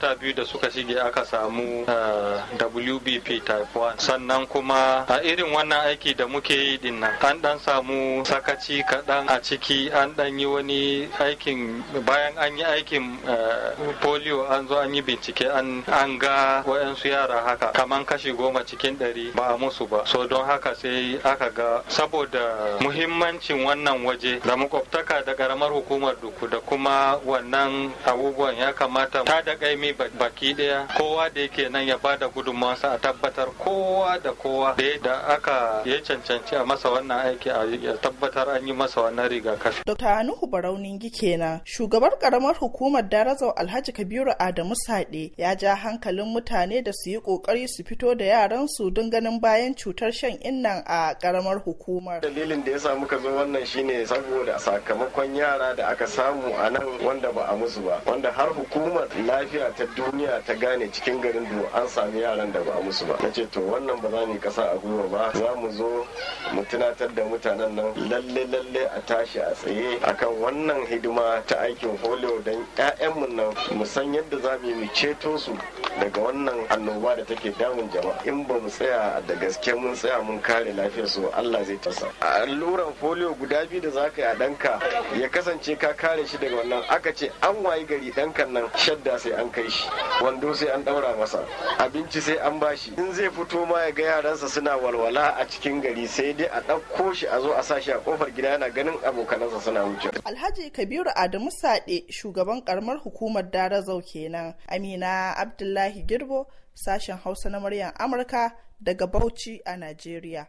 wata biyu da suka shige aka samu eh, WBP type 1 sannan kuma a irin wannan aiki da muke yi din an dan samu sakaci kaɗan a ciki an dan yi wani aikin bayan an yi aikin eh, polio an zo an yi bincike an ga wayansu yara haka kaman kashi goma cikin ɗari ba a musu ba so don haka sai aka ga saboda muhimmancin wannan waje da makwabtaka da karamar hukumar duku da kuma wannan abubuwan ya kamata ta da kaimi baki daya kowa da yake nan ya bada gudunmawarsa a tabbatar kowa da kowa da aka ya cancanci a masa wannan aiki a ya tabbatar an yi masa wannan rigakafi. Dr. Anuhu Baraunin kenan shugabar karamar hukumar Darazau Alhaji Kabiru Adamu Sade ya ja hankalin mutane da su yi kokari su fito da yaran su don ganin bayan cutar shan innan a karamar hukumar. Dalilin da ya sa muka zo wannan shine saboda sakamakon yara da aka samu a nan wanda ba a musu ba wanda har hukumar lafiya ta duniya ta gane cikin garin duwa an sami yaran da ba musu ba nace to wannan ba za ni kasa a gwiwa ba za mu zo mu tunatar da mutanen nan lalle lalle a tashi a tsaye akan wannan hidima ta aikin folio don 'ya'yanmu nan mu san yadda za mu yi mu ceto su daga wannan annoba da take damun jama'a in ba mu tsaya da gaske mun tsaya mun kare lafiyar su Allah zai tasa alluran folio guda biyu da zaka yi a danka ya kasance ka kare shi daga wannan aka ce an wayi gari dankan nan shadda sai an kai shi wando sai an daura masa abinci sai an bashi in zai fito ma ya ga yaransa suna walwala a cikin gari sai dai a ɗauko shi a zo a sa shi a kofar gida yana ganin abokanansa suna wuce Alhaji Kabiru Adamu Sade shugaban karamar hukumar Dara Zau kenan Amina Abdullahi Abdullahi Girbo, sashen Hausa na muryar Amurka daga Bauchi a Najeriya.